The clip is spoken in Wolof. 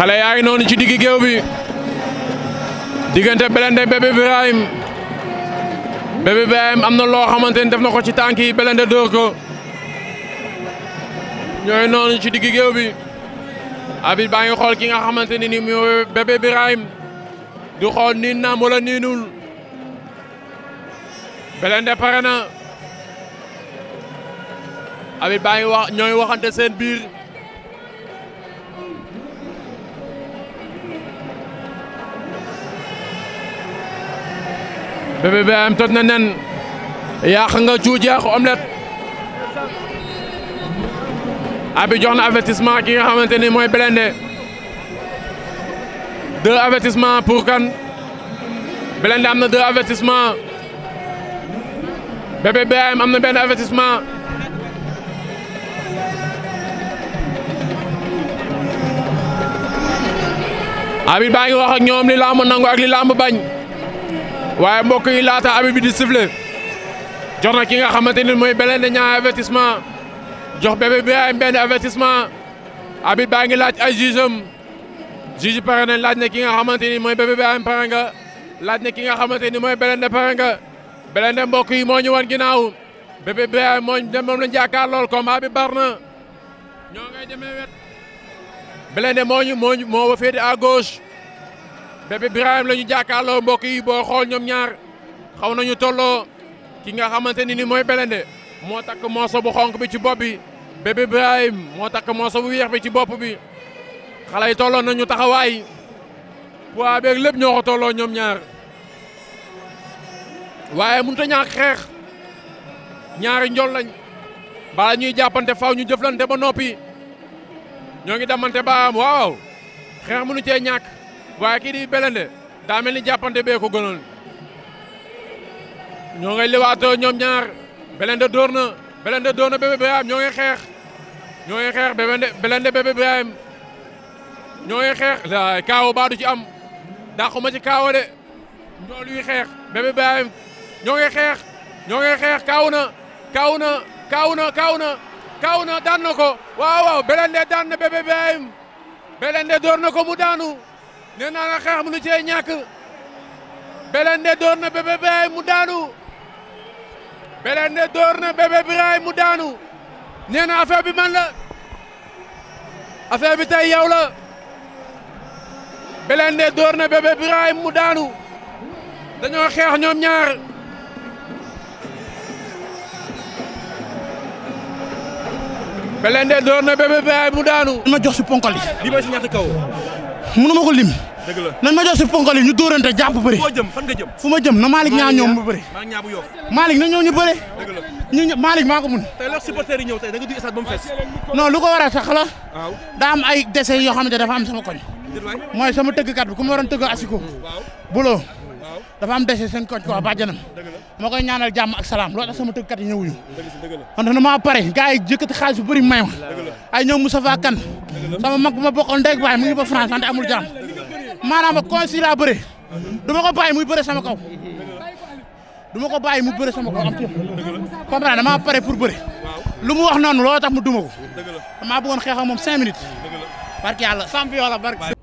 xale yaa ngi noonu ci diggi géew bi diggante Belende Bébé Birahim Bébé Birahim am na loo xamante ni def na ko ci tànk yi Belende dóor ko ñooy noonu ci digg géew bi abit baa ngi xool ki nga xamante ni ni mooy Bébé Birahim di xool niin naam wala niinul Belende pare na abit baa ngi wax ñooy waxante seen biir Bébé toj na nen yàq nga cuujeex omelette abi jox na avertissement ki nga xamante ni mooy Blindé deux avertissement pour kan Blindé am na deux avertissement Bébé am na benn avertissement abi baa ngi wax ak ñoom li lamb nangu ak li lamb bañ waaye mbok yi laata abi bi di jox na ki nga xamante ni mooy Blindé ñaari avertissement jox Bébé Birahim benn avertissement abi baa ngi laaj ay juge am juge pare laaj na ki nga xamante ni mooy Bébé Birahim pare nga laaj na ki nga xamante ni mooy Blindé pare nga Blindé mbokk yi moo ñu wan ginnaaw Bébé Birahim moo ñu dem moom lañu jaakaar lool combat bi bar na ñoo ngay demee wet Blindé moo ñu moo moo féete à gauche. Bébé Birahim la ñu jàkkaarloo mbokk yi boo xool ñoom ñaar xaw nañu tolloo ki nga xamante ni ni mooy Belende moo takk mooso bu xonk bi ci bopp bi Bébé Birahim moo takk mooso bu weex ci bopp bi xale yi nañu taxawaay poids lépp ñoo ko tolloo ñoom ñaar waaye mënut a xeex ñaari njool lañ bala ñuy jàppante faw ñu jëflante ba noppi ñoo ngi demante baam waaw xeex mënu cee ñàkk. waaye kii di Belende daa mel ni jàppante bee ko gënal ñoo ngay liwaatoo ñoom ñaar Belende door na Belende door na Bébé Birahim ñoo ngay xeex ñoo ngay xeex Belende Belende Bébé Birahim ñoo ngay xeex du ci am dàquma ci kaawo de ñoo luy xeex Bébé Birahim ñoo xeex kaaw na kaw na kaaw na kaw na kaaw na daan na ko waaw waaw Belende daan na Bébé Birahim Belende door na ko mu daanu nee naa la xeex mënu cee ñàkk Belende door na Bébé Birahim mu daanu Belende door mu daanu nee na affaire bi man la affaire bi tey yow la Belende door na Bébé Birahim mu daanu dañoo xeex ñoom ñaar Belende door na Bébé Birahim mu daanu. ma jox si ponkal si ñaata mënu ma ko lim. dëgg la nañ ma jox si ponkal yi ñu dóorante jàpp bëri. foo jëm fan nga jëm. fu ma jëm na Malick ñaa ñoom bu bëri. Malick ñaa bu yof. Malick na ñoo ñu bëri. dëgg la ñu ñëpp maa ko mun. tey lépp supporters yi lu ko war a sax la. waaw ay décès yoo xamante dafa am sama koñ. mooy sama tëggkat bi ku ma waroon tëgg asiko. buloo dafa am dese seen koñ quoi bàjjanam moo koy ñaanal jàmm ak salaam loolu tax sama tëggkat yi ñëwuñu man dana maa pare gars yi jëkkati xaalis bu bëri may ma ay ñëw Moustapha kan sama mag bu ma bokkoon ndey baay mu ngi ba France wante amul jàmm maanaam ak conseil laa bëre du ko bàyyi muy bëre sama kaw du ko bàyyi mu bëre sama kaw am tuuti comprendre damaa pare pour bëre lu mu wax noonu loolu tax mu duma ko damaa bëggoon xeex ak moom cinq minutes barke yàlla champion la